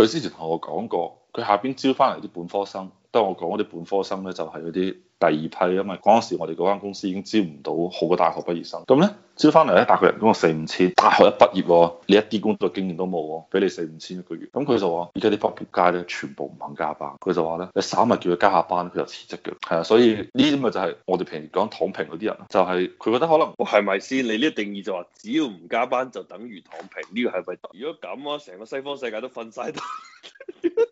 佢之前同我講過。佢下邊招翻嚟啲本科生，當我講嗰啲本科生咧，就係嗰啲第二批因嘛。嗰陣時我哋嗰間公司已經招唔到好嘅大學畢業生，咁咧招翻嚟咧，大學人工四五千，大學一畢業、哦，你一啲工作經驗都冇，俾你四五千一個月。咁佢就話：而家啲撲街咧，全部唔肯加班。佢就話咧，你稍微叫佢加下班，佢就辭職嘅。係啊，所以呢啲咪就係我哋平時講躺平嗰啲人，就係、是、佢覺得可能係咪先？你呢個定義就話只要唔加班就等於躺平，呢、呢個係咪？如果咁啊，成個西方世界都瞓晒。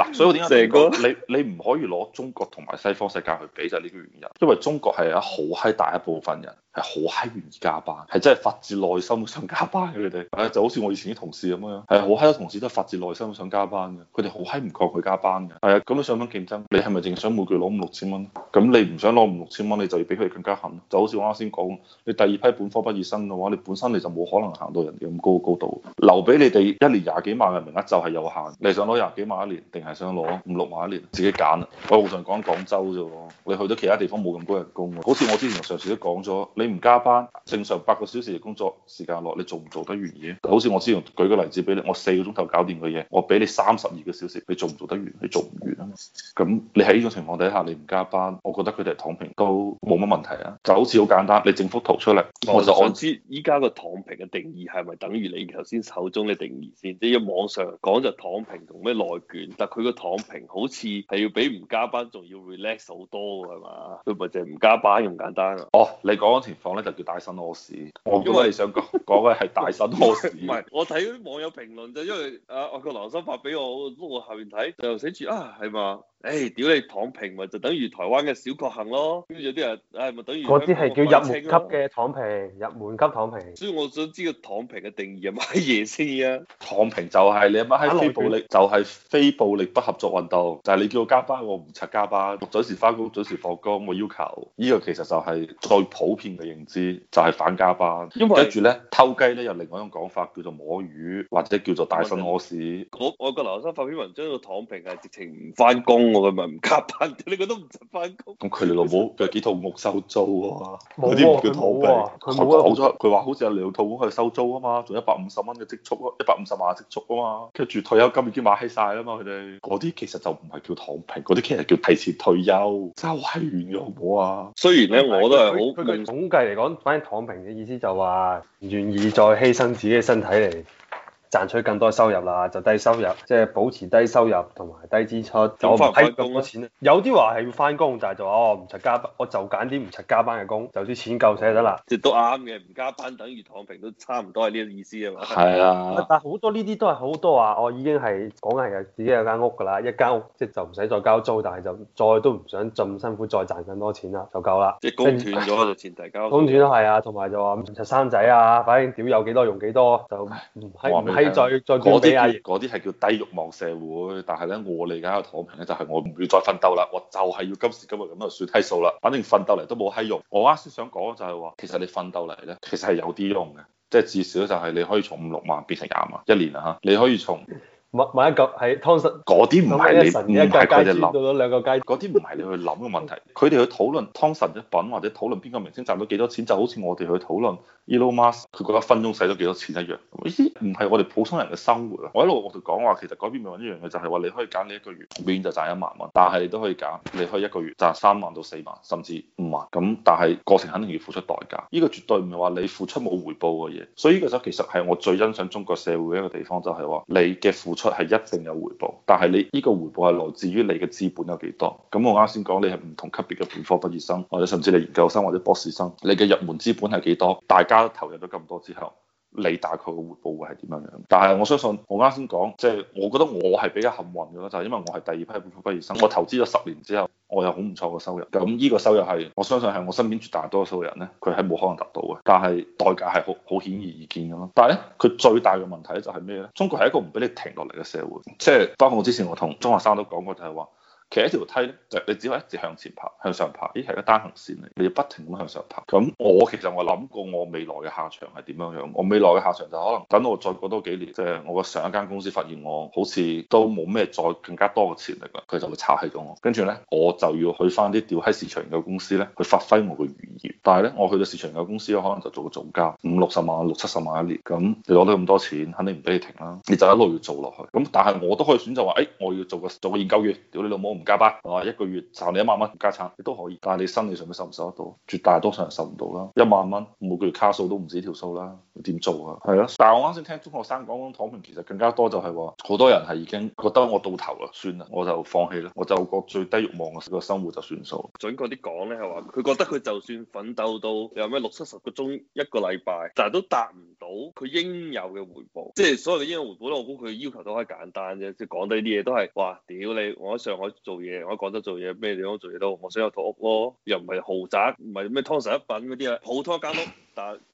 嗱，所以點解成哥 你你唔可以攞中國同埋西方世界去比就係、是、呢個原因，因為中國係啊好閪大一部分人。係好嗨，願意加班，係真係發自內心想加班嘅佢哋。誒，就好似我以前啲同事咁樣，誒，我好多同事都發自內心想加班嘅。佢哋好嗨唔抗拒加班嘅。係啊，咁你上緊競爭，你係咪淨想每個月攞五六千蚊？咁你唔想攞五六千蚊，你就要比佢哋更加狠。就好似我啱先講，你第二批本科畢業生嘅話，你本身你就冇可能行到人哋咁高高度。留俾你哋一年廿幾萬嘅名額就係有限，你想攞廿幾萬一年，定係想攞五六萬一年，自己揀啦。我想講廣州啫喎，你去到其他地方冇咁高人工。好似我之前上次都講咗。你唔加班，正常八個小時嘅工作時間落，你做唔做得完嘢？好似我之前舉個例子俾你，我四個鐘頭搞掂嘅嘢，我俾你三十二個小時，你做唔做得完？你做唔完啊？咁你喺呢種情況底下，你唔加班，我覺得佢哋躺平都冇乜問題啊。就好似好簡單，你整幅圖出嚟。其實我知依家個躺平嘅定義係咪等於你頭先手中嘅定義先？即係網上講就躺平同咩內卷，但佢個躺平好似係要比唔加班仲要 relax 好多㗎係嘛？佢咪就係唔加班咁簡單啊？哦，oh, 你講。情況咧就叫大新屙屎，我因為想講講嘅係大新屙屎。唔係我睇啲網友評論，就因為啊，我個劉生發俾我，我下面睇就寫住啊，係嘛？誒、哎，屌你躺平咪就等於台灣嘅小確幸咯，跟住有啲人，唉、哎，咪等於嗰啲係叫入門級嘅躺平，入門級躺平。所以我想知道躺平嘅定義係乜嘢先啊？躺平就係、是、你阿媽喺非暴力，哄就係非暴力不合作運動，就係、是、你叫我加班我唔拆，加班，準時翻工、準時放工，我要求。呢、這個其實就係最普遍嘅認知，就係、是、反加班。因為跟住咧偷雞咧有另外一種講法，叫做摸魚或者叫做大信屙屎。我外國留學生發篇文，文，文章，個躺平係直情唔翻工。我係咪唔加班你覺得唔使翻工。咁佢哋老母有幾套屋收租啊？冇唔叫冇啊。佢話、啊啊、好多，佢話好似有兩套屋係收租啊嘛，仲有一百五十蚊嘅積蓄啊，一百五十萬嘅積蓄啊嘛。跟住退休金已經買起晒啊嘛，佢哋嗰啲其實就唔係叫躺平，嗰啲其實叫提前退休。收、就、係、是、完嘅好唔好啊？雖然咧我都係好，佢個總計嚟講，反正躺平嘅意思就話唔願意再犧牲自己嘅身體嚟。賺取更多收入啦，就低收入，即、就、係、是、保持低收入同埋低支出。點咁多錢、啊、有啲話係要翻工，但係就話唔使加班，我就揀啲唔使加班嘅工，就啲錢夠使得啦。即都啱嘅，唔加班等於躺平，都差唔多係呢個意思啊嘛。係啊，但係好多呢啲都係好多話，我已經係講係自己有間屋㗎啦，一間屋即係就唔使再交租，但係就再都唔想咁辛苦再賺咁多錢啦，就夠啦。即係供斷咗以就前提交。供斷都係啊，同埋就話唔使生仔啊，反正屌有幾多用幾多，用多就唔唔係。再再啲，嗰啲係叫低欲望社會。但係咧，我哋而家嘅躺平咧，就係我唔要再奮鬥啦，我就係要今時今日咁就算低數啦。反正奮鬥嚟都冇閪用。我啱先想講就係話，其實你奮鬥嚟咧，其實係有啲用嘅，即係至少就係你可以從五六萬變成廿萬一年啦嚇，你可以從。買一個係湯臣嗰啲唔係你，唔係佢哋諗。兩個街嗰啲唔係你去諗嘅問題。佢哋 去討論湯臣一品或者討論邊個明星賺到幾多錢，就好似我哋去討論 Elon Musk，佢嗰一分鐘使咗幾多錢一樣。呢啲唔係我哋普通人嘅生活啊。我一路我哋講話，其實嗰邊咪一樣嘅，就係、是、話你可以揀你一個月永遠就賺一萬蚊，但係都可以揀你可以一個月賺三萬到四萬，甚至五萬咁，但係過程肯定要付出代價。呢、這個絕對唔係話你付出冇回報嘅嘢。所以呢個時候，其實係我最欣賞中國社會一個地方，就係、是、話你嘅付出係一定有回報，但係你呢個回報係來自於你嘅資本有幾多？咁我啱先講，你係唔同級別嘅本科畢業生，或者甚至你研究生或者博士生，你嘅入門資本係幾多？大家都投入咗咁多之後。你大概嘅回報會係點樣樣？但係我相信我啱先講，即係我覺得我係比較幸運嘅咯，就係因為我係第二批本科畢業生，我投資咗十年之後，我有好唔錯嘅收入。咁呢個收入係我相信係我身邊絕大多數人呢，佢係冇可能達到嘅。但係代價係好好顯而易見嘅咯。但係咧，佢最大嘅問題就係咩呢？中國係一個唔俾你停落嚟嘅社會。即係包括我之前，我同中學生都講過就，就係話，企喺條梯咧，就你只可以一直向前爬，向上爬。咦，係一個單行線嚟，你要不停咁向上爬。咁我其實我諗過我，我未來嘅下場係點樣樣？我未來嘅下場就可能等我再過多幾年，即、就、係、是、我嘅上一間公司發現我好似都冇咩再更加多嘅潛力啦，佢就會炒起咗我。跟住咧，我就要去翻啲屌閪市場嘅公司咧，去發揮我嘅餘熱。但係咧，我去到市場嘅公司咧，可能就做個總監，五六十萬、六七十萬一年，咁你攞到咁多錢，肯定唔俾你停啦，你就一路要做落去。咁但係我都可以選擇話，誒、哎，我要做個做個研究員，屌你老母！加班啊，一個月賺你一萬蚊加餐，你都可以，但係你生理上邊受唔受得到？絕大多數人受唔到啦，一萬蚊每個月卡數都唔止條數啦，點做啊？係咯，但係我啱先聽中學生講講，躺平其實更加多就係話，好多人係已經覺得我到頭啦，算啦，我就放棄啦，我就過最低慾望嘅生活就算數。準確啲講咧，係話佢覺得佢就算奮鬥到有咩六七十個鐘一個禮拜，但係都達唔到佢應有嘅回報，即係所有嘅應有回報咧，我估佢要求都係簡單嘅，即係講到呢啲嘢都係嘩，屌你，我喺上海，做嘢，我覺得做嘢咩地方做嘢都好，我想有套屋咯，又唔係豪宅，唔係咩湯臣一品嗰啲啊，普通一間屋。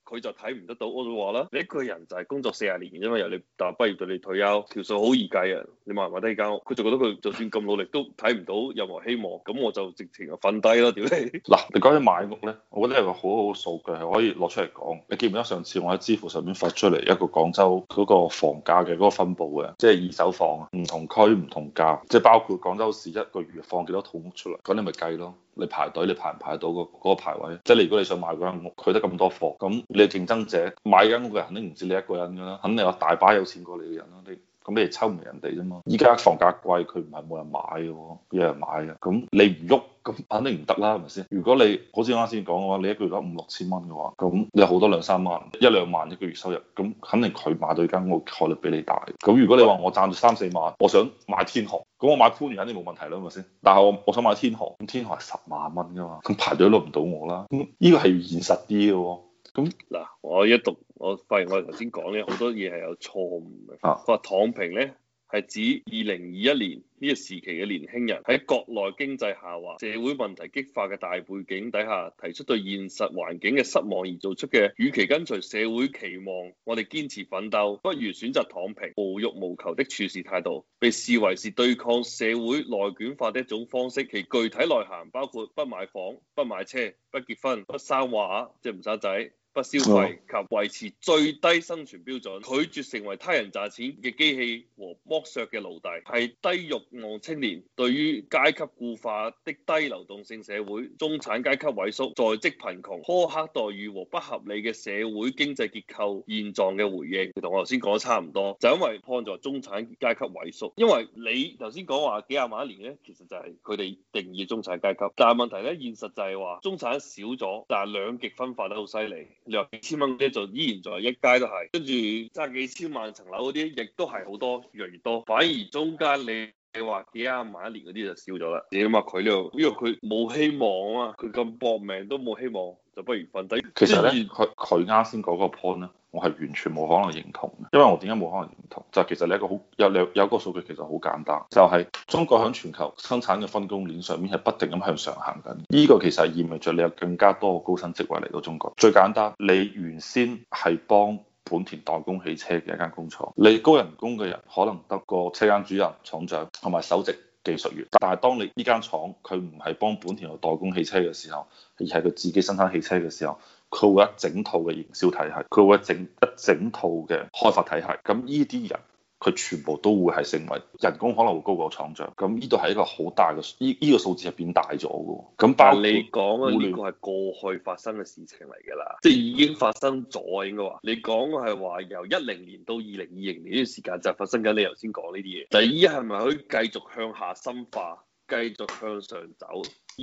佢就睇唔得到，我就話啦，你一個人就係工作四十年，啫嘛。由你大學畢業到你退休，條數好易計啊！你買唔買得間屋？佢就覺得佢就算咁努力都睇唔到任何希望，咁我就直情就瞓低咯！屌你！嗱，你講起買屋咧，我覺得係個好好嘅數據，係可以攞出嚟講。你記唔記得上次我喺支付上面發出嚟一個廣州嗰個房價嘅嗰個分佈嘅，即係二手房啊，唔同區唔同價，即係包括廣州市一個月放幾多套屋出嚟，咁你咪計咯。你排隊，你排唔排到個嗰個排位？即係你如果你想買間屋，佢得咁多貨，咁你競爭者買間屋嘅人肯定唔止你一個人㗎啦，肯定有大把有錢過你嘅人啦。你咁你係抽唔贏人哋啫嘛。依家房價貴，佢唔係冇人買嘅喎，有人買嘅。咁你唔喐，咁肯定唔得啦，係咪先？如果你好似啱先講嘅話，你一個月得五六千蚊嘅話，咁你好多兩三萬、一兩萬一個月收入，咁肯定佢買到間屋概率比你大。咁如果你話我賺咗三四萬，我想買天河。咁我買番禺肯定冇問題啦，係咪先？但係我我想買天河，咁天河係十萬蚊噶嘛，咁排隊都攞唔到我啦。呢個係現實啲嘅喎。咁嗱，我一讀我發現我頭先講咧，好多嘢係有錯誤嘅。佢話、啊、躺平咧。係指二零二一年呢個時期嘅年輕人喺國內經濟下滑、社會問題激化嘅大背景底下，提出對現實環境嘅失望而做出嘅，與其跟隨社會期望，我哋堅持奮鬥，不如選擇躺平、無欲無求的處事態度，被視為是對抗社會內卷化的一種方式。其具體內涵包括不買房、不買車、不結婚、不生娃，即係唔生仔。不消費及維持最低生存標準，拒絕成為他人賺錢嘅機器和剝削嘅奴隸，係低欲望青年對於階級固化的低流動性社會、中產階級萎縮、在職貧窮、苛刻待遇和不合理嘅社會經濟結構現狀嘅回應。同我頭先講得差唔多，就因為幫助中產階級萎縮。因為你頭先講話幾廿萬一年呢，其實就係佢哋定義中產階級，但係問題呢，現實就係話中產少咗，但係兩極分化得好犀利。又幾千蚊嗰啲就依然在一街都係，跟住揸幾千萬層樓嗰啲亦都係好多越嚟越多，反而中間你你話幾廿萬一年嗰啲就少咗啦。點啊？佢呢度因為佢冇希望啊嘛，佢咁搏命都冇希望，就不如瞓低。其實咧，佢佢啱先講個 point 咧。我係完全冇可能認同嘅，因為我點解冇可能認同？就係、其實你一個好有兩有嗰個數據其實好簡單，就係、是、中國喺全球生產嘅分工鏈上面係不斷咁向上行緊。呢、這個其實意味著你有更加多嘅高薪職位嚟到中國。最簡單，你原先係幫本田代工汽車嘅一間工廠，你高人工嘅人可能得個車間主任、廠長同埋首席技術員。但係當你呢間廠佢唔係幫本田去代工汽車嘅時候，而係佢自己生產汽車嘅時候。佢會一整套嘅營銷體系，佢會整一整套嘅開發體系，咁呢啲人佢全部都會係成為人工可能會高過廠長，咁呢度係一個好大嘅呢呢個數字係變大咗嘅喎，咁但係你講啊，呢個係過去發生嘅事情嚟㗎啦，即係已經發生咗啊，應該話你講係話由一零年到二零二零年呢段時間就係發生緊你頭先講呢啲嘢，第依家係咪可以繼續向下深化，繼續向上走？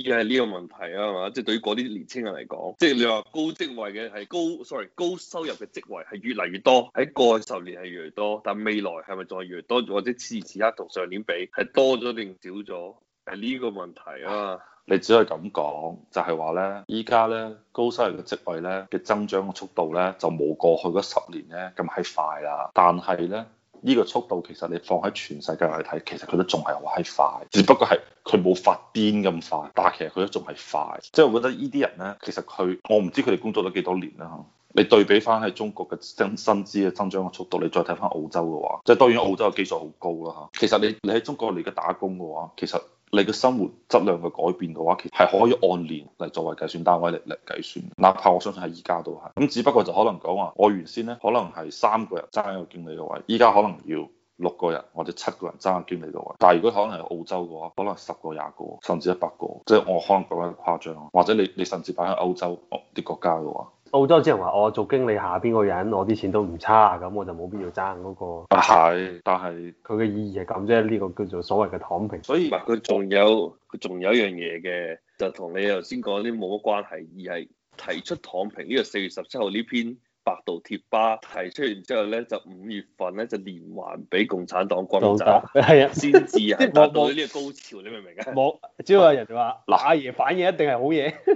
呢係呢個問題啊嘛，即係對於嗰啲年青人嚟講，即係你話高職位嘅係高，sorry，高收入嘅職位係越嚟越多，喺過去十年係越嚟越多，但未來係咪再越嚟多，或者此時此刻同上年比係多咗定少咗？係呢個問題啊。你只可以咁講，就係話咧，依家咧高收入嘅職位咧嘅增長嘅速度咧就冇過去嗰十年咧咁係快啦，但係咧。呢個速度其實你放喺全世界去睇，其實佢都仲係好快，只不過係佢冇發癲咁快，但係其實佢都仲係快。即係我覺得呢啲人咧，其實佢我唔知佢哋工作咗幾多年啦嚇。你對比翻喺中國嘅增薪資嘅增長嘅速度，你再睇翻澳洲嘅話，即係當然澳洲嘅基礎好高啦嚇。其實你你喺中國嚟嘅打工嘅話，其實。你嘅生活質量嘅改變嘅話，其實係可以按年嚟作為計算單位嚟嚟計算。哪怕我相信係依家都係，咁只不過就可能講話，我原先咧可能係三個人爭一個經理嘅位，依家可能要六個人或者七個人爭個經理嘅位。但係如果可能係澳洲嘅話，可能十個、廿個甚至一百個，即係我可能覺得誇張。或者你你甚至擺喺歐洲啲國家嘅話。澳洲只能話我做經理下邊個人，我啲錢都唔差，咁我就冇必要爭嗰、那個。但係佢嘅意義係咁啫，呢、這個叫做所謂嘅躺平。所以，佢仲有仲有一樣嘢嘅，就同你頭先講啲冇乜關係，而係提出躺平呢、這個四月十七號呢篇百度貼吧提出完之後咧，就五月份咧就連環俾共產黨轟炸，係啊，先至達到呢個高潮，你明唔明啊？冇，只要有人話嗱，阿爺反應一定係好嘢，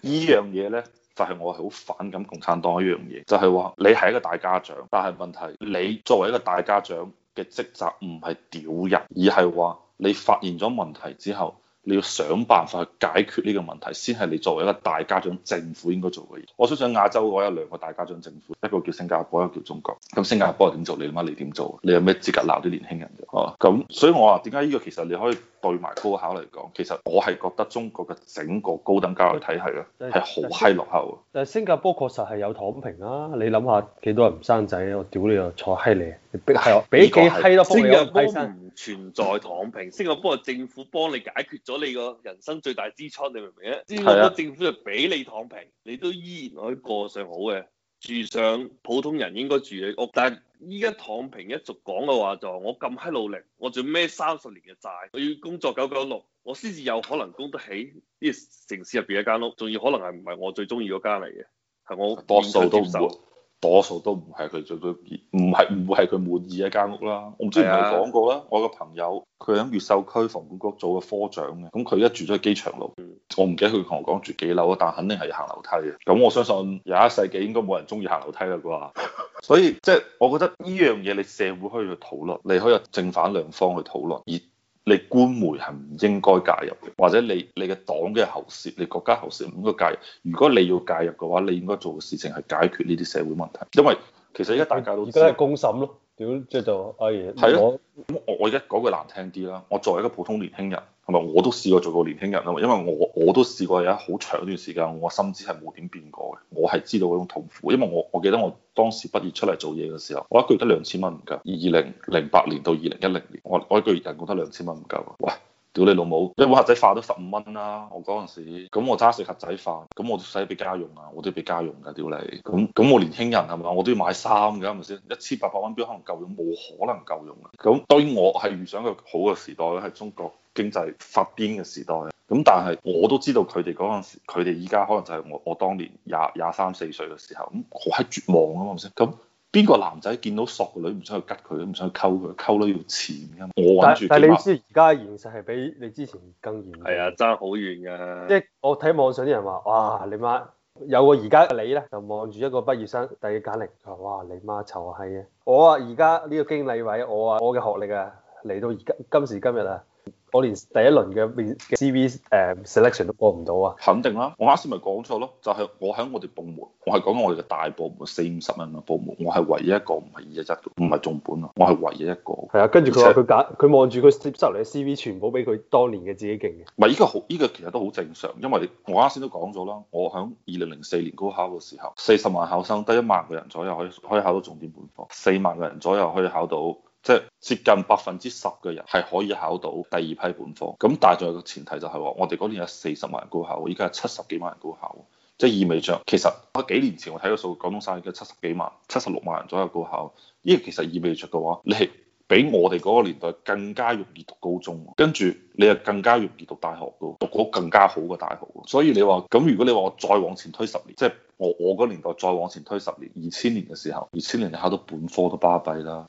呢樣嘢咧。就係我係好反感共產黨一樣嘢，就係話你係一個大家長，但係問題是你作為一個大家長嘅職責唔係屌人，而係話你發現咗問題之後。你要想辦法去解決呢個問題，先係你作為一個大家長政府應該做嘅嘢。我相信亞洲我有兩個大家長政府，一個叫新加坡，一個叫中國。咁新加坡係點做？你媽你點做？你有咩資格鬧啲年輕人？哦、啊，咁所以我話點解呢個其實你可以對埋高考嚟講，其實我係覺得中國嘅整個高等教育體系咧係好閪落後但。但係新加坡確實係有躺平啦、啊。你諗下幾多人唔生仔？我屌你啊，坐閪你！俾係啊，俾幾閪多新加坡？新加坡唔存在躺平，新加坡係政府幫你解決咗你個人生最大支出，你明唔明啊？新加坡政府就俾你躺平，你都依然可以過上好嘅，住上普通人應該住嘅屋。但係依家躺平一族講嘅話，就話我咁閪努力，我仲孭三十年嘅債，我要工作九九六，我先至有可能供得起呢城市入邊一間屋，仲要可能係唔係我最中意嗰間嚟嘅，係我多數都唔多數都唔係佢最最唔係唔會係佢滿意嘅一間屋啦。我之前唔係講過啦。啊、我個朋友佢喺越秀區房管局做個科長嘅，咁佢一住咗喺機場路，我唔記得佢同我講住幾樓，但肯定係行樓梯嘅。咁我相信廿一世紀應該冇人中意行樓梯啦啩。 所以即係、就是、我覺得呢樣嘢你社會可以去討論，你可以有正反兩方去討論而。你官媒係唔應該介入嘅，或者你你嘅黨嘅喉舌，你國家喉舌唔應該介入。如果你要介入嘅話，你應該做嘅事情係解決呢啲社會問題。因為其實而家大家都而家係公審咯，點樣？即係就阿爺，我我我而家講句難聽啲啦，我作為一個普通年輕人。唔係，我都試過做過年輕人啊嘛，因為我我都試過有好長一段時間，我心知係冇點變過嘅。我係知道嗰種痛苦，因為我我記得我當時畢業出嚟做嘢嘅時候，我一個月得兩千蚊唔夠。二零零八年到二零一零年，我我一個月人工得兩千蚊唔夠。喂，屌你老母，一碗盒仔飯都十五蚊啦！我嗰陣時，咁我揸食盒仔飯，咁我都使俾家用啊，我都要俾家用㗎、啊，屌你！咁咁我年輕人係咪？我都要買衫㗎，係咪先？一千八百蚊表可能夠用，冇可能夠用啊！咁當然我係遇上個好嘅時代咧，係中國。經濟發癲嘅時代，咁但係我都知道佢哋嗰陣時，佢哋依家可能就係我我當年廿廿三四歲嘅時候，咁好係絕望吖嘛，係咪先？咁邊個男仔見到索女唔想去吉佢，都唔想去溝佢，溝女要錢噶嘛？我揾住，但係你知而家嘅現實係比你之前更嚴，係啊，爭好遠㗎。即係我睇網上啲人話，哇，你媽有個而家你咧，就望住一個畢業生遞簡歷，佢話，哇，你媽愁係啊！我啊，而家呢個經理位，我啊，我嘅學歷啊，嚟到而家今時今日啊。我連第一輪嘅面 CV 誒 selection 都過唔到啊！肯定啦，我啱先咪講錯咯，就係我喺我哋部門，我係講我哋嘅大部門四五十人嘅部門，我係唯一一個唔係二一一唔係重本啊。我係唯一一個。係啊，跟住佢話佢揀，佢望住佢接收嚟嘅 CV，全部俾佢當年嘅自己勁嘅。唔係依個好，依個其實都好正常，因為我啱先都講咗啦，我喺二零零四年高考嘅時候，四十萬考生得一萬個人左右可以可以考到重點本科，四萬個人左右可以考到。即係接近百分之十嘅人係可以考到第二批本科，咁但係仲有個前提就係話，我哋嗰年有四十萬人高考，依家有七十幾萬人高考，即係意味著其實啊幾年前我睇過數，廣東省嘅七十幾萬、七十六萬人左右高考，呢個其實意味著嘅話，你係比我哋嗰個年代更加容易讀高中，跟住你又更加容易讀大學，讀到更加好嘅大學。所以你話咁，如果你話我再往前推十年，即係我我嗰年代再往前推十年，二千年嘅時候，二千年你考到本科都巴閉啦。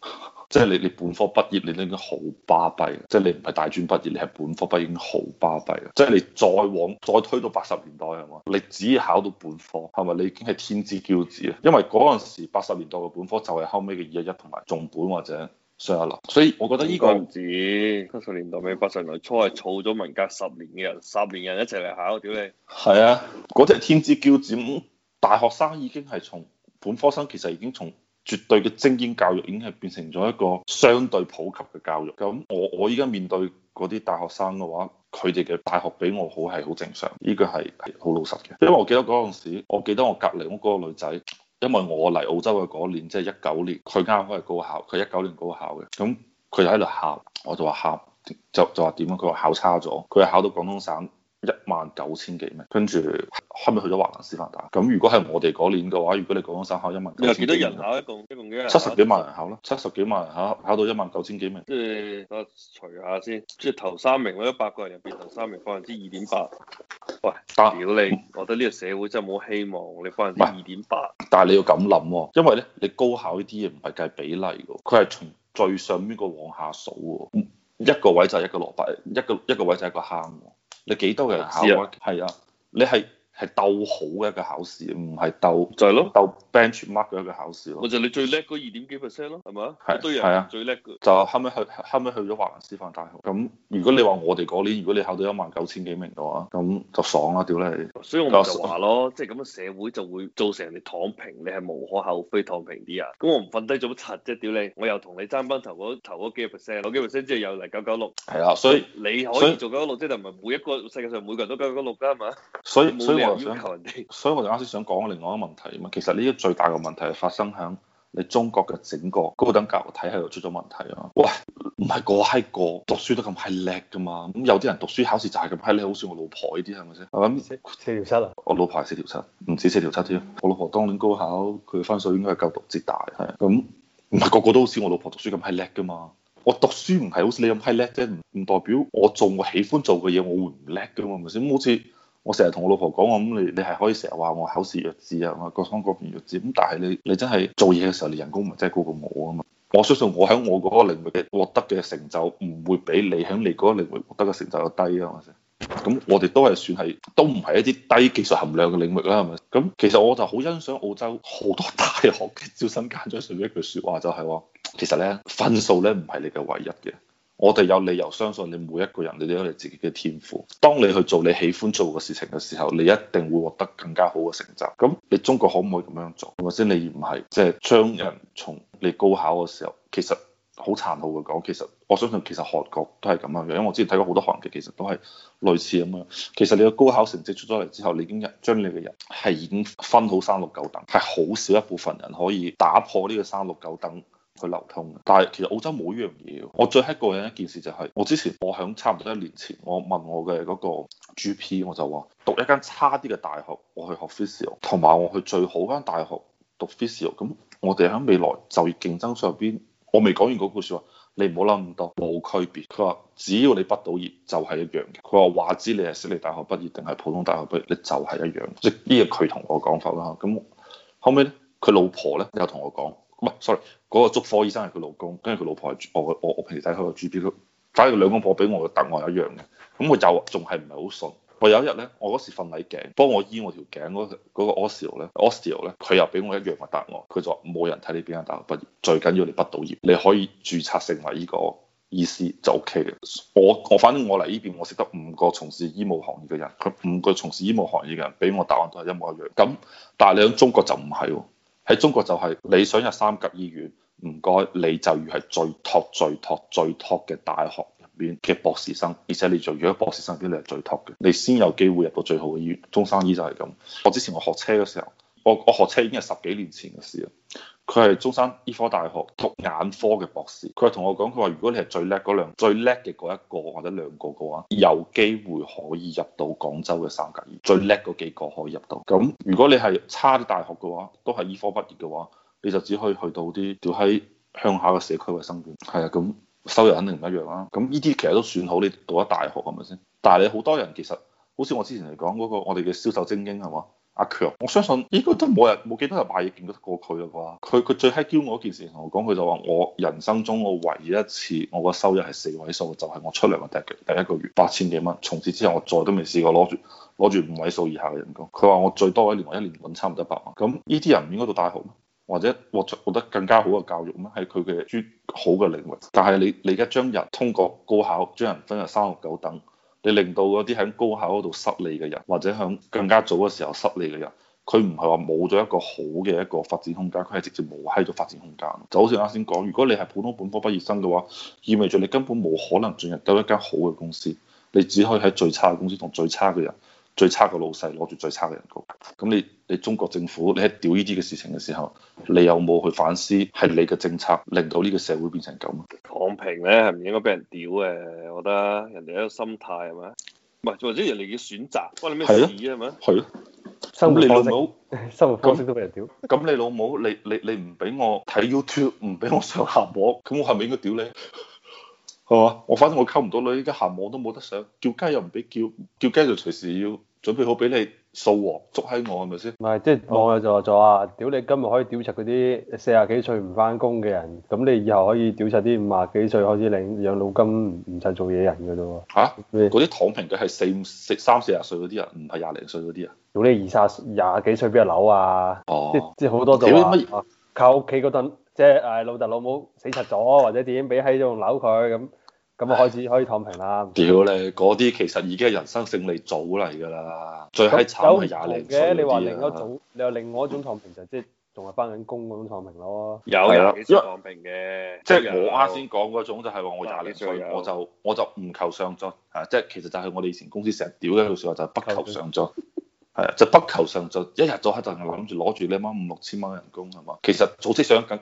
即係你你本科畢業，你都已經好巴閉，即係你唔係大專畢業，你係本科畢業已經好巴閉啦。即係你再往再推到八十年代係嘛，你只考到本科係咪？是是你已經係天之驕子啊！因為嗰陣時八十年代嘅本科就係後尾嘅二一一同埋重本或者雙一流，所以我覺得呢個唔止。八十年代尾，八十年初係儲咗文革十年嘅人，十年人一齊嚟考，屌你！係啊，嗰啲係天之驕子，大學生已經係從本科生，其實已經從。絕對嘅精英教育已經係變成咗一個相對普及嘅教育。咁我我依家面對嗰啲大學生嘅話，佢哋嘅大學比我好係好正常，呢個係係好老實嘅。因為我記得嗰陣時，我記得我隔離屋嗰個女仔，因為我嚟澳洲嘅嗰年即係一九年，佢啱開高考，佢一九年高考嘅，咁佢就喺度喊，我就話喊，就就話點樣？佢話考差咗，佢係考到廣東省。一萬九千幾名，跟住後尾去咗華南師範大學。咁如果係我哋嗰年嘅話，如果你講省考一萬九千幾，咁啊，啲人考一共一共幾多人？七十幾萬人考啦，七十幾萬人考，考到一萬九千幾名。即係我除下先，即係頭三名或者百個人入邊頭三名，百分之二點八。8, 喂，代表但你，我覺得呢個社會真係冇希望，你百分之二點八。但係你要咁諗、哦，因為咧，你高考呢啲嘢唔係計比例嘅，佢係從最上邊個往下數，一個位就係一個蘿蔔，一個一個，一個位就係一個坑。你幾多人考？係啊，的你係。係鬥好嘅一個考試，唔係鬥就係咯，鬥 bench mark 嘅一個考試。我就你最叻嗰二點幾 percent 咯，係咪啊？一堆人係啊，最叻嘅就後尾去後尾去咗華南師範大學。咁如果你話我哋嗰年，如果你考到一萬九千幾名嘅話，咁就爽啦，屌你！所以我就話咯，即係咁樣社會就會造成你躺平，你係無可厚非躺平啲啊。咁我唔瞓低做乜柒啫，屌你！我又同你爭班頭嗰頭嗰幾個 percent，嗰幾個 percent 之後又嚟九九六。係啊，所以你可以做九九六，即係唔係每一個世界上每個人都九九六㗎嘛？所以所以想求所以我哋啱先想講另外一個問題啊嘛，其實呢個最大嘅問題係發生喺你中國嘅整個高等教育體系度出咗問題啊！喂，唔係個閪個，讀書都咁閪叻噶嘛，咁有啲人讀書考試就係咁閪叻，好似我老婆呢啲係咪先？係四條七啊？我老婆係四條七，唔止四條七添。嗯、我老婆當年高考，佢分數應該係夠讀浙大嘅，係咁。唔係個個都好似我老婆讀書咁閪叻噶嘛？我讀書唔係好似你咁閪叻啫，唔代表我做我喜歡做嘅嘢，我會唔叻噶嘛？係咪先？咁好似。我成日同我老婆講，我咁你你係可以成日話我考試弱智啊，我嗰方嗰邊弱智咁，但係你你真係做嘢嘅時候，你人工唔係真係高過我啊嘛？我相信我喺我嗰個領域嘅獲得嘅成就，唔會比你喺你嗰個領域獲得嘅成就又低啊嘛先。咁我哋都係算係，都唔係一啲低技術含量嘅領域啦，係咪？咁其實我就好欣賞澳洲好多大學嘅招生簡章上面一句説話就說，就係話其實咧分數咧唔係你嘅唯一嘅。我哋有理由相信你每一個人，你都有你自己嘅天賦。當你去做你喜歡做嘅事情嘅時候，你一定會獲得更加好嘅成就。咁你中國可唔可以咁樣做？係咪先？你唔係，即係將人從你高考嘅時候，其實好殘酷嘅講。其實我相信其實韓國都係咁樣樣。因為我之前睇過好多韓劇，其實都係類似咁樣。其實你嘅高考成績出咗嚟之後，你已經將你嘅人係已經分好三六九等，係好少一部分人可以打破呢個三六九等。佢流通，但係其實澳洲冇一樣嘢我最喺個人一件事就係、是，我之前我響差唔多一年前，我問我嘅嗰個 GP，我就話讀一間差啲嘅大學，我去學 physio 同埋我去最好間大學讀 physio 咁我哋喺未來就業競爭上邊，我未講完嗰句說話，你唔好諗咁多，冇區別。佢話只要你畢到業就係、是、一樣嘅。佢話話知你係悉尼大學畢業定係普通大學畢業，你就係、是、一樣。即呢個佢同我講法啦。咁後尾，佢老婆咧又同我講。唔係，sorry，嗰個足科醫生係佢老公，跟住佢老婆係我我我平時睇佢個 G P 都，反正兩公婆俾我嘅答案一樣嘅，咁我又仲係唔係好信？我有一日咧，我嗰時瞓捩頸，幫我醫我條頸嗰、嗰個 osteo 咧 osteo 咧，佢又俾我一樣嘅答案，佢就話冇人睇你邊間大學畢業，最緊要你畢到業，你可以註冊成為呢個醫師就 O K 嘅。我我反正我嚟呢邊，我識得五個從事醫務行業嘅人，佢五個從事醫務行業嘅人俾我答案都係一模一樣。咁但係你喺中國就唔係喎。喺中國就係你想入三甲醫院，唔該，你就要係最 top、最 top、最 top 嘅大學入邊嘅博士生，而且你做咗喺博士生入邊你係最 top 嘅，你先有機會入到最好嘅醫院，中山醫就係咁。我之前我學車嘅時候，我我學車已經係十幾年前嘅事啦。佢係中山醫、e、科大學讀眼科嘅博士，佢話同我講：佢話如果你係最叻嗰兩最叻嘅嗰一個或者兩個嘅話，有機會可以入到廣州嘅三甲醫院，最叻嗰幾個可以入到。咁如果你係差啲大學嘅話，都係醫科畢業嘅話，你就只可以去到啲屌喺鄉下嘅社區衞生院。係啊，咁收入肯定唔一樣啦，啊。咁呢啲其實都算好你讀咗大學係咪先？但係你好多人其實好似我之前嚟講嗰、嗰個我哋嘅銷售精英係嘛？阿強，我相信應該都冇人冇幾多人賣嘢勁得過佢啊啩，佢佢最閪驕傲嗰件事同我講，佢就話我人生中我唯一一次我嘅收入係四位數，就係我出糧嘅第一個月八千幾蚊，從此之後我再都未試過攞住攞住五位數以下嘅人工。佢話我最多一年我一年揾差唔多百萬。咁呢啲人唔應該讀大學或者獲獲得更加好嘅教育咩？係佢嘅好嘅領域。但係你你而家將人通過高考將人分入三六九等。你令到嗰啲喺高考嗰度失利嘅人，或者響更加早嘅時候失利嘅人，佢唔係話冇咗一個好嘅一個發展空間，佢係直接冇喺度發展空間，就好似啱先講，如果你係普通本科畢業生嘅話，意味住你根本冇可能進入到一間好嘅公司，你只可以喺最差嘅公司同最差嘅人。最差嘅老細攞住最差嘅人工。咁你你中國政府你喺屌呢啲嘅事情嘅時候，你有冇去反思係你嘅政策令到呢個社會變成咁啊？躺平咧係唔應該俾人屌嘅，我覺得人哋一個心態係咪唔係，或者人哋嘅選擇關你咩事啊？係咯、啊，係咯。咁你老母，生活方式都俾人屌。咁你老母，你你你唔俾我睇 YouTube，唔俾我上鹹網，咁我係咪應該屌你？係嘛？我反正我溝唔到女，依家鹹網都冇得上，叫雞又唔俾叫，叫雞就隨時要。準備好俾你掃黃捉喺我係咪先？唔係，即係、就是、我又就話啊！屌你今日可以屌柒嗰啲四十幾歲唔翻工嘅人，咁你以後可以屌柒啲五十幾歲開始領養老金唔使做嘢人噶啫吓？嗰啲、啊、以躺平嘅係四三四三四十歲嗰啲人，唔係廿零歲嗰啲啊。屌你二卅廿幾歲俾人扭啊？即即好多做，啊、靠屋企嗰陣，即係誒老豆老母死柒咗或者點，俾喺度扭佢咁。咁啊開始可以躺平啦！屌你，嗰啲其實已經係人生勝利組嚟㗎啦。最閪慘係廿零嘅，你話另一組，你話另外一種躺平就即係仲係翻緊工嗰種躺平咯。有有幾種躺平嘅，即係我啱先講嗰種就係話我廿零歲我就我就唔求上進啊！即係其實就係我哋以前公司成日屌嘅一句説話就係不求上進。係啊，就不求上進，一日到黑就諗住攞住兩萬五六千蚊人工係嘛？其實組織上緊。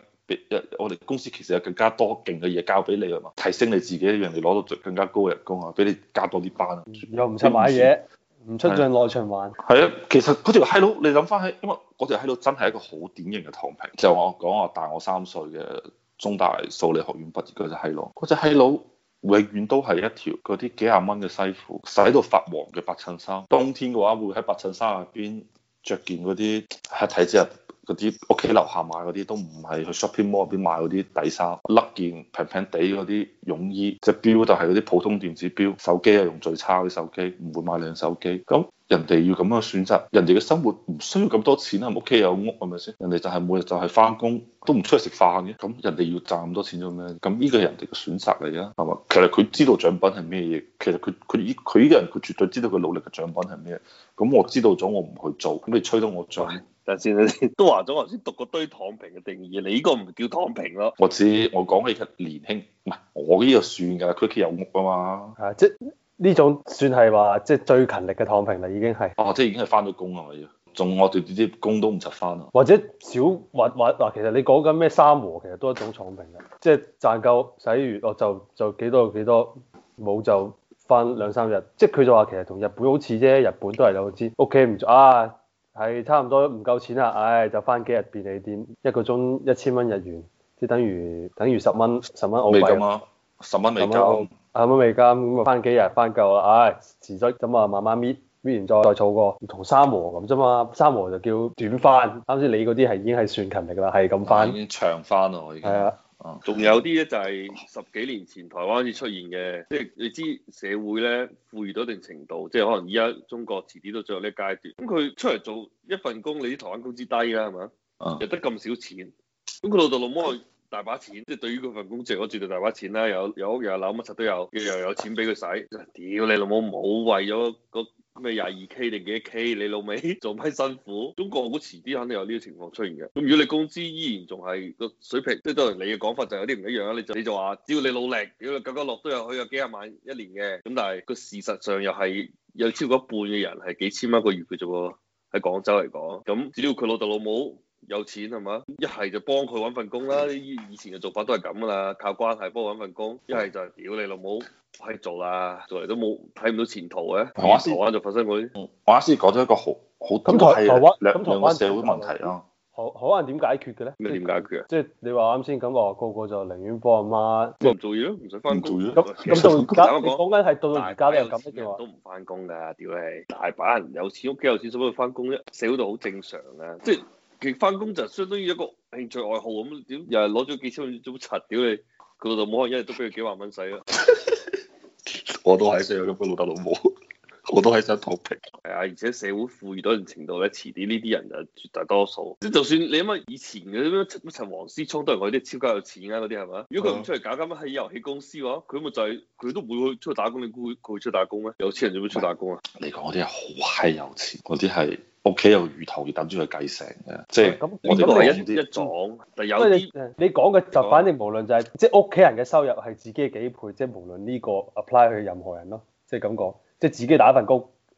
我哋公司其實有更加多勁嘅嘢交俾你啊嘛，提升你自己，讓你攞到更加高嘅人工啊，俾你加多啲班啊，又唔、啊、出買嘢，唔出進內場玩。係啊，其實嗰條閪佬，你諗翻起，因為嗰條閪佬真係一個好典型嘅躺平。就我講話，大我三歲嘅中大數理學院畢業嘅隻閪佬，嗰隻閪佬永遠都係一條嗰啲幾廿蚊嘅西褲，洗到發黃嘅白襯衫。冬天嘅話，會喺白襯衫入邊着件嗰啲一睇之後。嗰啲屋企樓下買嗰啲，都唔係去 shopping mall 入面買嗰啲底衫、甩件平平地嗰啲泳衣，隻表就係嗰啲普通電子表，手機係用最差嘅手機，唔會買靚手機。咁人哋要咁樣選擇，人哋嘅生活唔需要咁多錢啊，屋企有屋係咪先？人哋就係每日就係翻工，都唔出去食飯嘅，咁人哋要賺咁多錢做咩？咁呢個人哋嘅選擇嚟啊，係嘛？其實佢知道獎品係咩嘢，其實佢佢依佢呢個人佢絕對知道佢努力嘅獎品係咩。咁我知道咗，我唔去做，咁你吹到我再。但係先都話咗，我先讀個堆躺平嘅定義，你呢個唔叫躺平咯我。我知，我講起佢年輕，唔係我呢個算㗎，佢屋企有屋啊嘛。係即呢種算係話即係最勤力嘅躺平啦，已經係。哦，即係已經係翻咗工啦，已經，仲我哋啲啲工都唔執翻啊。或者少或、或、或，其實你講緊咩三和，其實都一種躺平嘅，即係賺夠十一月，哦，就、就幾多幾多，冇就翻兩三日。即係佢就話其實同日本好似啫，日本都係有知屋企唔做啊，係差唔多唔夠錢啦，唉、哎、就翻幾日便利店，一個鐘一千蚊日元，即等於等於十蚊十蚊，澳幣，十蚊美阿媽未金，咁啊翻幾日翻夠啦，唉、哎、遲早咁啊慢慢搣搣完再再儲過，同三和咁啫嘛，三和就叫短翻，啱先你嗰啲係已經係算勤力啦，係咁翻已經長翻我已經係啊，仲有啲咧就係十幾年前台灣先出現嘅，即係你知社會咧富裕到一定程度，即係可能依家中國遲啲都進入呢個階段，咁佢出嚟做一份工，你啲台灣工資低啦，係咪？又得咁少錢，咁佢老豆老母。大把錢，即係對於嗰份工，即係我絕對大把錢啦，有有屋有樓乜柒都有，又又有錢俾佢使。屌你老母冇為咗嗰咩廿二 K 定幾多 K，你老味做咩辛苦。中國好遲啲肯定有呢個情況出現嘅。咁如果你工資依然仲係個水平，即係都係你嘅講法，就有啲唔一樣啦。你就你就話只要你努力，如果你九九六都有可以有幾廿萬一年嘅。咁但係個事實上又係有超過一半嘅人係幾千蚊一個月嘅啫喎，喺廣州嚟講。咁只要佢老豆老母。有錢係嘛，一係就幫佢搵份工啦。以前嘅做法都係咁噶啦，靠關係幫佢搵份工。一係就屌你老母，閪做啦，做嚟都冇睇唔到前途嘅、啊。同埋台灣就發生嗰啲、嗯、我啱先講咗一個好好咁台灣咁兩個社會問題咯、啊。台台灣點解決嘅咧？咩點解決？即係你話啱先咁話，個個就寧願幫阿媽，唔做嘢咯，唔使翻工，唔做咗。咁咁到家講緊係到而家都有咁嘅話，都唔翻工噶，屌你，大把人有錢屋企有錢，使乜去翻工啫？社會度好正常噶，即係。佢翻工就相當於一個興趣愛好咁，點又係攞咗幾千蚊租賃屌你，佢老豆老母可能一日都俾佢幾萬蚊使啊？我都係想咁老豆老母，我都係想躺平。係啊，而且社會富裕到呢程度咧，遲啲呢啲人就絕大多數。即就算你諗下以前嘅咩陳王思聰都係嗰啲超級有錢啊，嗰啲係咪？如果佢唔出嚟搞緊喺遊戲公司嘅話，佢咪就係、是、佢都唔會去出去打工，你估佢會出去打工咩？有錢人做咩出去打工啊？你講嗰啲係好係有錢，嗰啲係。屋企有魚頭，魚抌住佢計成嘅，即係咁，我哋都係一啲一種，但係有啲你講嘅就反正無論就係、是、即係屋企人嘅收入係自己嘅幾倍，即係無論呢個 apply 去任何人咯，即係咁講，即係自己打份工，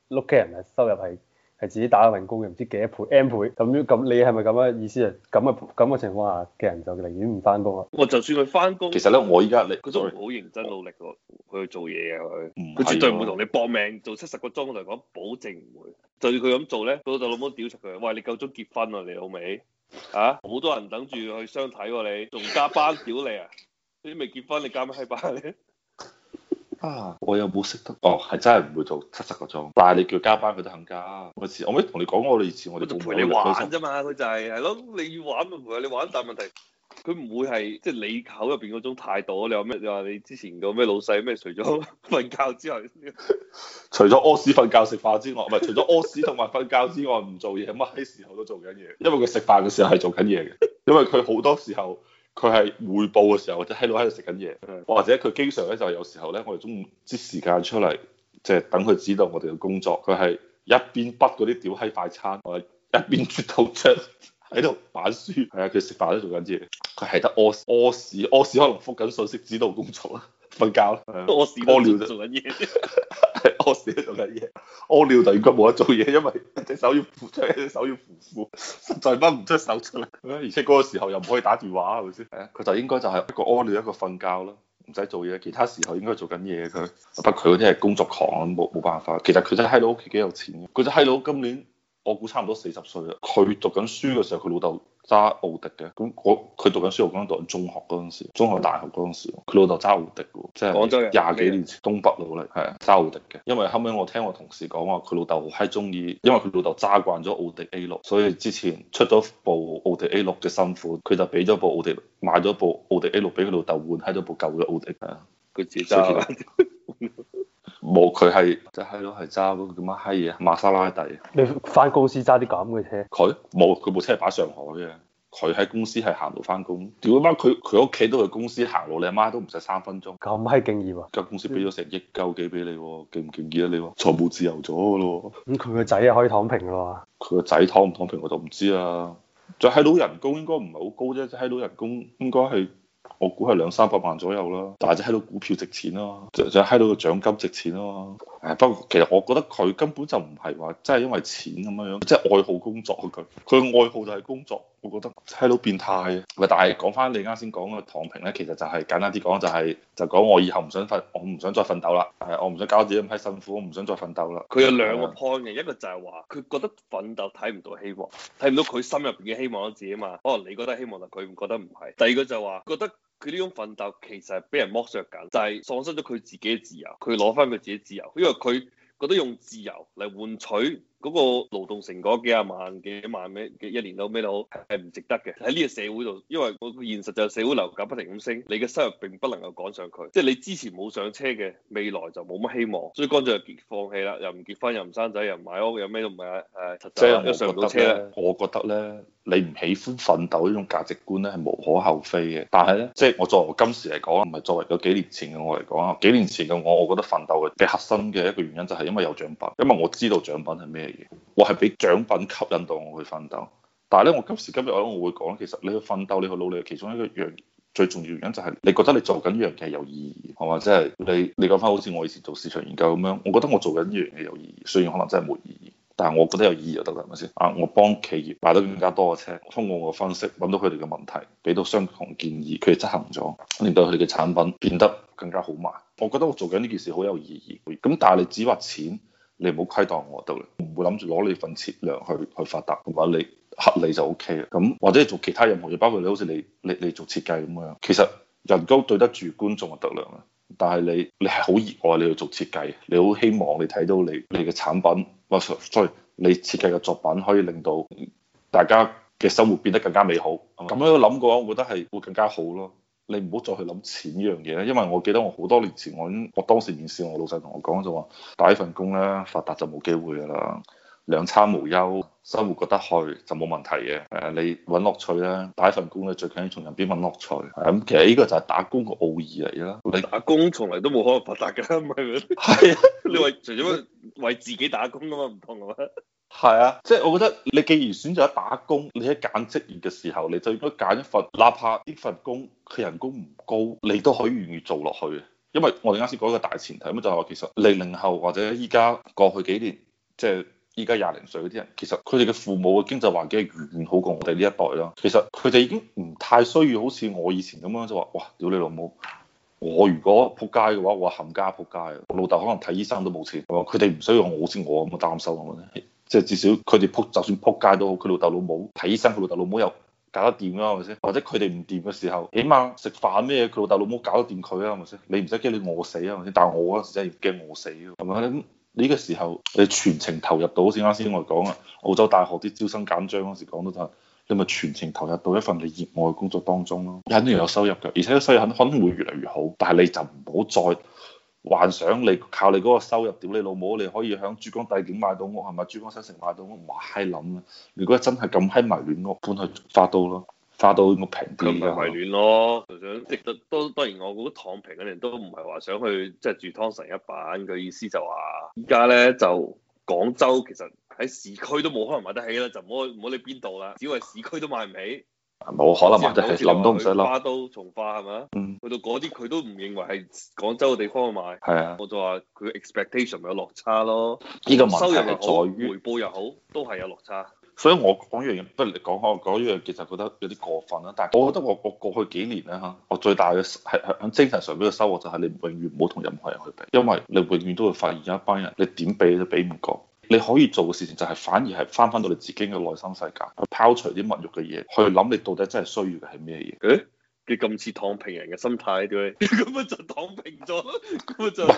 屋企人嘅收入係。係自己打份工嘅，唔知幾多倍、n 倍咁樣咁，你係咪咁嘅意思啊？咁嘅咁嘅情況下嘅人就寧願唔翻工啊！我就算佢翻工，其實咧我依家你佢都好認真努力喎，佢去做嘢嘅佢，佢絕對唔會同你搏命做七十個鐘。嚟就講、是、保證唔會，就要佢咁做咧，老豆老母屌死佢！喂，你夠鍾結婚好未，啊？你老味啊！好多人等住去相睇喎，你仲加班屌你啊？你未結婚，你加咩閪班你。啊！我又冇識得？哦，係真係唔會做七十個鐘，但係你叫加班佢都肯加。我次我咪同你講我哋以前我哋都陪你玩啫嘛，佢就係係咯，你要玩咪陪下你玩。但係問題佢唔會係即係你口入邊嗰種態度。你話咩？你話你之前個咩老細咩？除咗瞓覺之外， 除咗屙屎瞓覺食飯之外，唔係 除咗屙屎同埋瞓覺之外，唔做嘢乜喺時候都做緊嘢。因為佢食飯嘅時候係做緊嘢嘅，因為佢好多時候。佢係匯報嘅時候，或者喺度喺度食緊嘢，或者佢經常咧就有時候咧，我哋中午啲時間出嚟，即係等佢指導我哋嘅工作。佢係一邊筆嗰啲屌閪快餐，我哋一邊出到將喺度板書。係 啊，佢食飯都做緊嘢，佢係得屙屎、屙屎、屙屎，可能覆緊信息指導工作啦，瞓覺啦，屙屎屙尿做緊嘢。 屙屎做緊嘢，屙尿就應該冇得做嘢，因為隻手要扶，即係隻手要扶扶，實在掹唔出手出嚟。而且嗰個時候又唔可以打電話，係咪先？誒，佢就應該就係一個屙尿，一個瞓覺咯，唔使做嘢。其他時候應該做緊嘢佢，不過佢嗰啲係工作狂，冇冇辦法。其實佢真係喺佬屋企幾有錢，佢仔喺佬今年我估差唔多四十歲啦。佢讀緊書嘅時候，佢老豆揸奧迪嘅，咁我佢讀緊書，我講緊讀緊中學嗰陣時，中學、大學嗰陣時，佢、嗯、老豆揸奧迪嘅，即係廿幾年前東北佬嚟，係揸奧迪嘅。因為後尾我聽我同事講話，佢老豆係中意，因為佢老豆揸慣咗奧迪 A 六，所以之前出咗部奧迪 A 六嘅新款，佢就俾咗部奧迪，買咗部奧迪 A 六俾佢老豆換，喺咗部舊嘅奧迪。啊，佢自己揸。 冇，佢係即係閪佬係揸嗰個叫乜閪嘢，瑪莎拉蒂。你返公司揸啲咁嘅車？佢冇，佢部車擺上海嘅。佢喺公司係行路返工，屌佢媽佢佢屋企到佢公司行路，你阿媽都唔使三分鐘。咁閪敬業啊！間公司俾咗成億鳩幾俾你，敬唔敬業啊你？財務自由咗咯。咁佢個仔又可以躺平㗎喎。佢個仔躺唔躺平我就唔知啊。就係老人工應該唔係好高啫，即係老人工應該係。我估係兩三百萬左右啦，或者喺到股票值錢咯、啊，就係喺到個獎金值錢咯、啊。誒、哎，不過其實我覺得佢根本就唔係話真係因為錢咁樣樣，即、就、係、是、愛好工作佢。佢嘅愛好就係工作。我覺得閪佬變態，唔係，但係講翻你啱先講嗰個躺平咧，其實就係簡單啲講，就是，就係就講我以後唔想奮，我唔想再奮鬥啦，誒，我唔想搞自己咁閪辛苦，我唔想再奮鬥啦。佢有兩個 point 嘅，的一個就係話佢覺得奮鬥睇唔到希望，睇唔到佢心入邊嘅希望喺自己嘛。可能你覺得希望，但佢唔覺得唔係。第二個就係話覺得佢呢種奮鬥其實係俾人剝削緊，就係、是、喪失咗佢自己嘅自由，佢攞翻佢自己自由，因為佢覺得用自由嚟換取。嗰個勞動成果幾廿萬幾萬蚊嘅一年到咩都好，係唔值得嘅喺呢個社會度，因為個現實就係社會樓價不停咁升，你嘅收入並不能夠趕上佢，即係你之前冇上車嘅，未來就冇乜希望，所以乾脆就放棄啦，又唔結婚又唔生仔又唔買屋，又咩都唔係誒，即係上唔到車咧。我覺得咧。你唔喜歡奮鬥呢種價值觀咧，係無可厚非嘅。但係咧，即係我作為我今時嚟講唔係作為個幾年前嘅我嚟講啊。幾年前嘅我，我覺得奮鬥嘅核心嘅一個原因就係因為有獎品，因為我知道獎品係咩嘢，我係俾獎品吸引到我去奮鬥。但係咧，我今時今日我會講，其實你去奮鬥、你去努力，其中一個最重要原因就係你覺得你做緊呢樣嘢有意義，係嘛？即係你你講翻好似我以前做市場研究咁樣，我覺得我做緊呢樣嘢有意義，雖然可能真係冇意義。但係我覺得有意義就得啦，係咪先？啊，我幫企業買到更加多嘅車，通過我嘅分析揾到佢哋嘅問題，俾到相同建議，佢哋執行咗，令到佢哋嘅產品變得更加好賣。我覺得我做緊呢件事好有意義。咁但係你只話錢，你唔好虧待我得啦，唔會諗住攞你份切量去去發達，或者你合理就 O K 啦。咁或者你做其他任何嘢，包括你好似你你你做設計咁樣，其實人工對得住觀眾就得啦嘛。但係你，你係好熱愛你去做設計，你好希望你睇到你你嘅產品，或 s 你設計嘅作品可以令到大家嘅生活變得更加美好。咁樣嘅諗嘅話，我覺得係會更加好咯。你唔好再去諗錢呢樣嘢咧，因為我記得我好多年前我我當時面試，我老細同我講就話，打一份工咧發達就冇機會噶啦。兩餐無憂，生活過得去就冇問題嘅。誒，你揾樂趣啦，打一份工咧最緊要從入邊揾樂趣。咁其實呢個就係打工嘅奧義嚟啦。你打工從來都冇可能發達嘅啦，係咪？係啊，你為除咗為自己打工啊嘛，唔同啊嘛。係 啊，即、就、係、是、我覺得你既然選擇咗打工，你喺揀職業嘅時候，你就應該揀一份，哪怕呢份工佢人工唔高，你都可以願意做落去嘅。因為我哋啱先講一個大前提咁，就係、是、話其實零零後或者依家過去幾年即係。就是依家廿零歲嗰啲人，其實佢哋嘅父母嘅經濟環境係遠遠好過我哋呢一代啦。其實佢哋已經唔太需要好似我以前咁樣就話，哇！屌你老母，我如果撲街嘅話，我冚家撲街。我老豆可能睇醫生都冇錢，佢哋唔需要我先我咁嘅擔心，係咪？即係至少佢哋撲就算撲街都好，佢老豆老母睇醫生，佢老豆老母又搞得掂啦，係咪先？或者佢哋唔掂嘅時候，起碼食飯咩？佢老豆老母搞得掂佢啊，係咪先？你唔使驚你餓死啊，係咪先？但係我嗰時真係驚餓死喎，係咪？呢個時候，你全程投入到先。啱先我講啊，澳洲大學啲招生簡章嗰時講到就係，你咪全程投入到一份你熱愛嘅工作當中咯。你肯定有收入嘅，而且收入肯可能會越嚟越好。但係你就唔好再幻想你靠你嗰個收入屌你老母，你可以喺珠江帝景買到屋，係咪？係咪珠江新城買到屋，唔閪諗啦！如果真係咁閪迷戀屋，我搬去花都咯。花都冇平啲嘅，圍暖咯，就想即係都當然，我覺得躺平嗰啲人都唔係話想去即係、就是、住湯臣一品，佢意思就話依家咧就廣州其實喺市區都冇可能買得起啦，就唔好唔好理邊度啦，只係市區都買唔起，冇可能買得起，諗都唔使諗。花都、從化係咪去到嗰啲佢都唔認為係廣州嘅地方去買，係啊，我就話佢 expectation 咪有落差咯，呢個問題係在於回報又好，都係有落差。所以我講一樣嘢，不如你講下。講一樣嘢，其實覺得有啲過分啦。但係我覺得我過過去幾年咧嚇，我最大嘅係係喺精神上邊嘅收穫就係你永遠唔好同任何人去比，因為你永遠都會發現一班人你點比你都比唔過。你可以做嘅事情就係反而係翻翻到你自己嘅內心世界，去拋除啲物欲嘅嘢，去諗你到底真係需要嘅係咩嘢。誒、欸，你咁似躺平人嘅心態點？你咁啊就躺平咗，咁啊就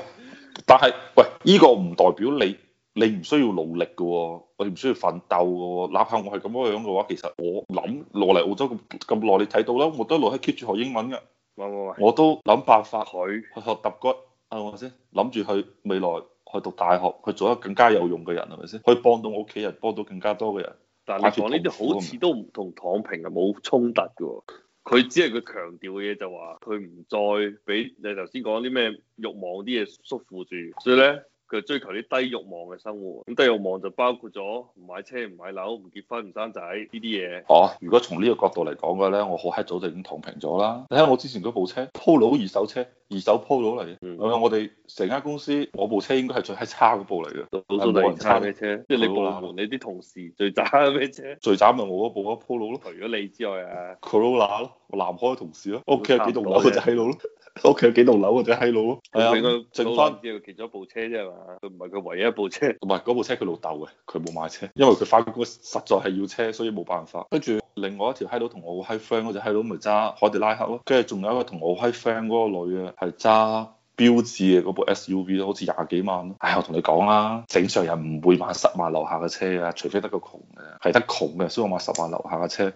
但係喂，依、這個唔代表你。你唔需要努力嘅，我哋唔需要奮鬥嘅、哦，哪怕我係咁樣嘅話，其實我諗落嚟澳洲咁咁耐，你睇到啦，我都一路喺 keep 住學英文嘅，喂喂喂，我都諗辦法去去學揼骨，係咪先？諗住去，去未來去讀大學，去做一個更加有用嘅人係咪先？可以幫到我屋企人，幫到更加多嘅人。但係你講呢啲好似都唔同躺平啊，冇衝突嘅喎。佢只係佢強調嘅嘢就話，佢唔再俾你頭先講啲咩慾望啲嘢束縛住，所以咧。佢追求啲低欲望嘅生活，咁低欲望就包括咗唔買車、唔買樓、唔結婚、唔生仔呢啲嘢。哦、啊，如果從呢個角度嚟講嘅咧，我好閪早就已經躺平咗啦。你睇下我之前嗰部車，Polo 二手車，二手 Polo 嚟嘅。嗯、我哋成間公司，我部車應該係最閪差嗰部嚟嘅。差咩車？即係你部門你啲同事最渣咩車？最渣咪我嗰部咯，Polo 咯。除咗你之外啊，Corolla 咯，Corona，南海同事咯，屋企有幾棟樓就喺度咯。屋企有幾棟樓啊？隻閪佬咯，係啊、那個，淨翻借咗部車啫嘛，佢唔係佢唯一一部車，唔係嗰部車佢老豆嘅，佢冇買車，因為佢翻工實在係要車，所以冇辦法。跟住另外一條閪佬同我好閪 friend 嗰隻閪佬咪揸凱迪拉克咯，跟住仲有一個同我好閪 friend 嗰個女啊，係揸標志啊。嗰部 SUV 咯，好似廿幾萬咯。唉，我同你講啦，正常人唔會買十萬樓下嘅車啊，除非得個窮嘅，係得窮嘅所以我買十萬樓下嘅車。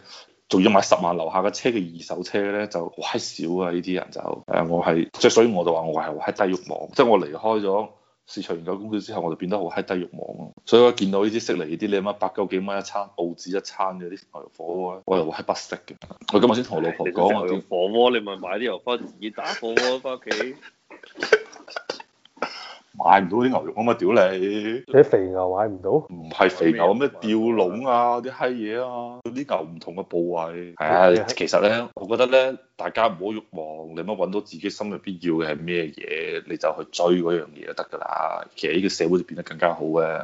仲要買十萬樓下嘅車嘅二手車咧，就好閪少啊！呢啲人就，誒、呃，我係即係，所以我就話我係好閪低慾望，即、就、係、是、我離開咗市場研究公司之後，我就變得好閪低慾望咯。所以我見到呢啲悉尼啲，你阿媽百九幾蚊一餐，澳紙一餐嘅啲牛肉火鍋，我又會不食嘅。我今日先同我老婆講我點？哎、有有火鍋，你咪買啲油翻，自己打火鍋翻屋企。 買唔到啲牛肉啊嘛，屌你！你肥牛買唔到？唔係肥牛，咩吊籠啊，啲閪嘢啊，嗰啲牛唔同嘅部位。係啊，的其實咧，我覺得咧，大家唔好欲望，你乜揾到自己心入邊要嘅係咩嘢，你就去追嗰樣嘢就得噶啦。其實呢個社會就變得更加好嘅，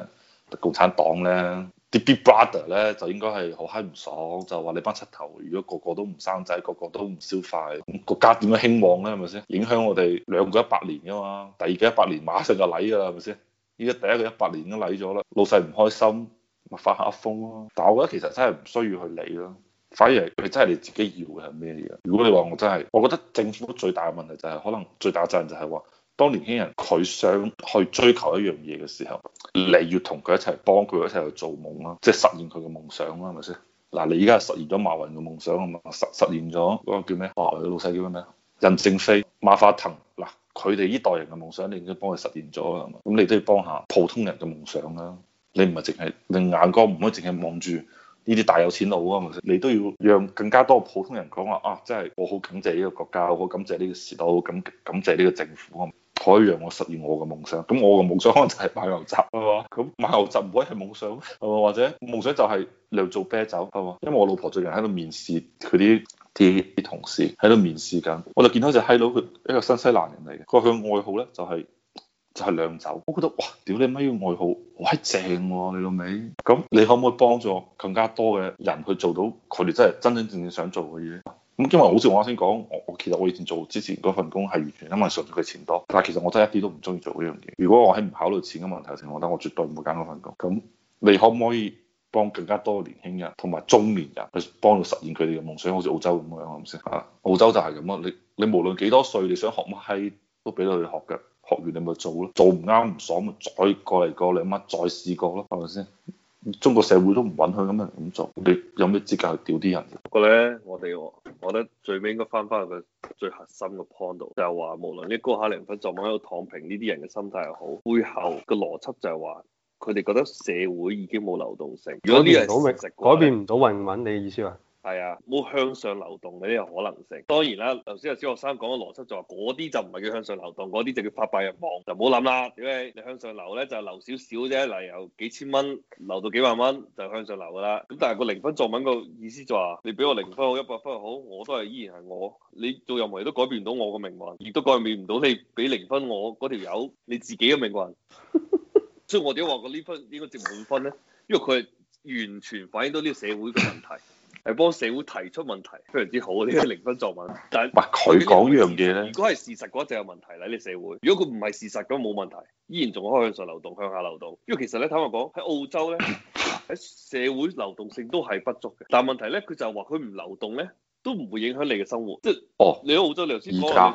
共產黨咧。啲 Big Brother 咧就應該係好嗨唔爽，就話你班七頭，如果個個都唔生仔，個個都唔消費，國家點樣興旺咧？係咪先？影響我哋兩個一百年噶嘛，第二個一百年馬上就嚟噶啦，係咪先？依家第一個一百年都嚟咗啦，老細唔開心，咪發下噏風咯、啊。但我覺得其實真係唔需要去理咯，反而係佢真係你自己要嘅係咩嘢？如果你話我真係，我覺得政府最大嘅問題就係、是、可能最大責任就係話。當年輕人佢想去追求一樣嘢嘅時候，你要同佢一齊幫佢一齊去做夢啦，即係實現佢嘅夢想啦，係咪先？嗱，你而家實現咗馬雲嘅夢想啊嘛，實實現咗嗰個叫咩？啊，老細叫咩名？任正非、馬化騰，嗱，佢哋呢代人嘅夢想，你都幫佢實現咗啊，咁你都要幫下普通人嘅夢想啊！你唔係淨係令眼光唔可以淨係望住呢啲大有錢佬啊，係咪先？你都要讓更加多普通人講話啊！真係我好感謝呢個國家，我好感謝呢個時代，好感感謝呢個政府啊！是可以讓我實現我嘅夢想，咁我嘅夢想可能就係買牛雜，係嘛？咁買牛雜唔可以係夢想咩？或者夢想就係你做啤酒，係因為我老婆最近喺度面試佢啲啲同事喺度面試緊，我就見到隻閪佬佢一個新西蘭人嚟嘅，佢嘅愛好咧就係、係、就係、係、釀酒，我覺得哇，屌你乜嘢愛好，好閪正喎、啊、你老味，咁你可唔可以幫助更加多嘅人去做到佢哋真係真真正正想做嘅嘢？因為好似我啱先講，我我其實我以前做之前嗰份工係完全因為順住佢錢多，但係其實我真係一啲都唔中意做呢樣嘢。如果我喺唔考慮錢嘅問題嘅情況下，我絕對唔會揀嗰份工。咁你可唔可以幫更加多年輕人同埋中年人去幫到實現佢哋嘅夢想？好似澳洲咁樣，係咪先？啊，澳洲就係咁咯。你你無論幾多歲，你想學乜閪都俾到你學嘅，學完你咪做咯。做唔啱唔爽咪再過嚟過你乜，再試過咯，係咪先？中國社會都唔允許咁樣咁做，你有咩資格去屌啲人？不過咧，我哋我覺得最尾應該翻返去個最核心嘅 point 度，就係話，無論你高考零分、昨晚喺度躺平，呢啲人嘅心態又好，背後嘅邏輯就係話，佢哋覺得社會已經冇流動性，如果啲人好到未改變唔到運運，你嘅意思話？係啊，冇向上流動嗰啲嘅可能性。當然啦，頭先阿小學生講嘅邏輯就話，嗰啲就唔係叫向上流動，嗰啲就叫發白日夢，就唔好諗啦。點解你向上流咧？就係流少少啫，例如由幾千蚊流到幾萬蚊就向上流噶啦。咁但係個零分作文個意思就話，你俾我零分好，一百分好，我都係依然係我。你做任何嘢都改變唔到我嘅命運，亦都改變唔到你俾零分我嗰條友你自己嘅命運。 所以我點解話個零分應該值滿分咧？因為佢係完全反映到呢個社會嘅問題。係幫社會提出問題，非常之好呢啲零分作文。但係，唔係佢講呢樣嘢咧。如果係事實嘅話，就有問題啦。呢、這個、社會，如果佢唔係事實嘅話，冇問題，依然仲可以向上流動、向下流動。因為其實咧，坦白講，喺澳洲咧，喺社會流動性都係不足嘅。但係問題咧，佢就話佢唔流動咧，都唔會影響你嘅生活。即係，你喺澳洲，你頭先講你想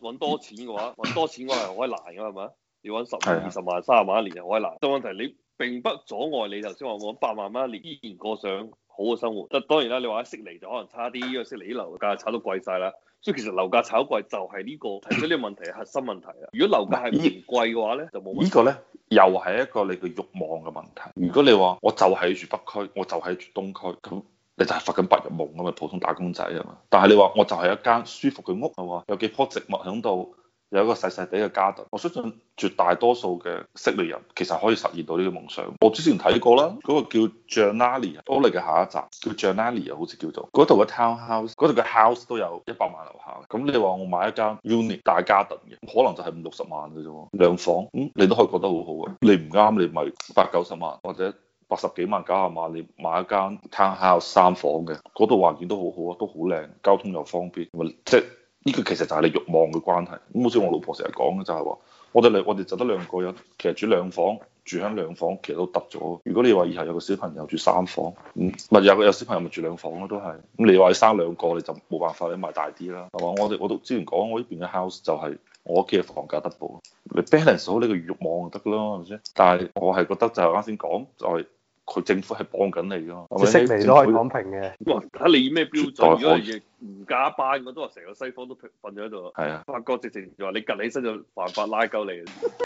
搵多錢嘅話，搵多錢我係可以難嘅，係咪啊？你搵十萬、二十萬、三十萬一年又可以難。但係的問題，你並不阻礙你頭先話我搵八萬蚊一年，依然過上。好嘅生活，但當然啦，你話悉尼就可能差啲，因為悉尼啲樓價炒到貴晒啦，所以其實樓價炒貴就係呢、呢個，提出呢個問題嘅核心問題啊。如果樓價係唔貴嘅話咧，這就冇問題。個呢個咧又係一個你嘅慾望嘅問題。如果你話我就喺住北區，我就喺住東區，咁你就係發緊白日夢啊嘛，普通打工仔啊嘛。但係你話我就係一間舒服嘅屋啊，有幾棵植物喺度。有一個細細地嘅 garden 我相信絕大多數嘅悉尼人其實可以實現到呢個夢想。我之前睇過啦，嗰、那個叫 Janelle，我嚟嘅下一集叫 Janelle，又好似叫做嗰度嘅 townhouse，嗰度嘅 house 都有一百萬樓下。咁你話我買一間 unit 大 garden 嘅，可能就係五六十萬嘅啫喎，兩房咁、嗯、你都可以覺得好好嘅。你唔啱，你咪八九十萬或者八十幾萬、九十萬，你買一間 townhouse 三房嘅，嗰度環境都好好啊，都好靚，交通又方便，即、就是呢個其實就係你欲望嘅關係，咁好似我老婆成日講嘅就係話，我哋兩我哋就得兩個人，其實住兩房住喺兩房其實都得咗。如果你話以後有個小朋友住三房，嗯，咪有個有小朋友咪住兩房咯，都係。咁你話你生兩個你就冇辦法你買大啲啦，係嘛？我哋我都之前講，我呢邊嘅 house 就係我屋企嘅房價得 o 你 balance 好呢個欲望就得咯，係咪先？但係我係覺得就係啱先講就係、是。佢政府係幫緊你噶嘛？即係識嚟咗係講平嘅。哇！睇你以咩標準？如果係唔加班，我都話成個西方都瞓咗喺度。係啊。法國直情又話你隔離身就辦法拉鳩你，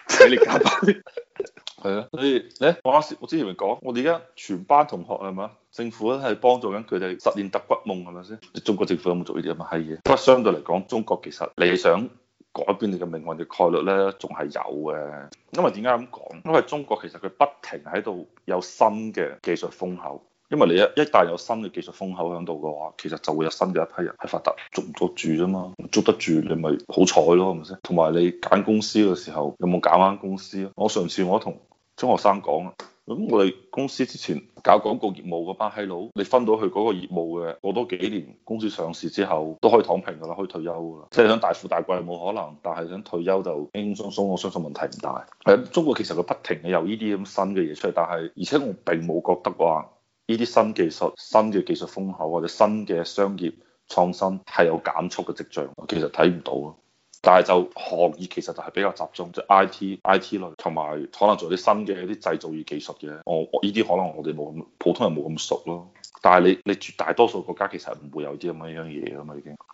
使 你加班。係啊，所以你我啱先，我之前咪講，我哋而家全班同學係嘛？政府都係幫助緊佢哋實現特級夢係咪先？中國政府有冇做呢啲咁嘅閪嘢？不過相對嚟講，中國其實理想。改變你嘅命運嘅概率呢，仲係有嘅。因為點解咁講？因為中國其實佢不停喺度有新嘅技術風口。因為你一一旦有新嘅技術風口喺度嘅話，其實就會有新嘅一批人喺發達，捉唔捉住吖嘛。捉得住你咪好彩咯，係咪先？同埋你揀公司嘅時候，有冇揀啱公司啊？我上次我同中學生講。咁我哋公司之前搞廣告業務嗰班閪佬，你分到佢嗰個業務嘅，過多幾年公司上市之後都可以躺平噶啦，可以退休噶啦。即係想大富大貴冇可能，但係想退休就輕輕鬆鬆，我相信問題唔大。喺中國其實佢不停嘅有呢啲咁新嘅嘢出嚟，但係而且我並冇覺得話呢啲新技術、新嘅技術風口或者新嘅商業創新係有減速嘅跡象，其實睇唔到。但係就行業其實就係比較集中，就係 I T I T 類，同埋可能做啲新嘅啲製造與技術嘅，我我呢啲可能我哋普通人冇咁熟咯。但係你你絕大多數國家其實唔會有啲咁樣嘢噶嘛，已經。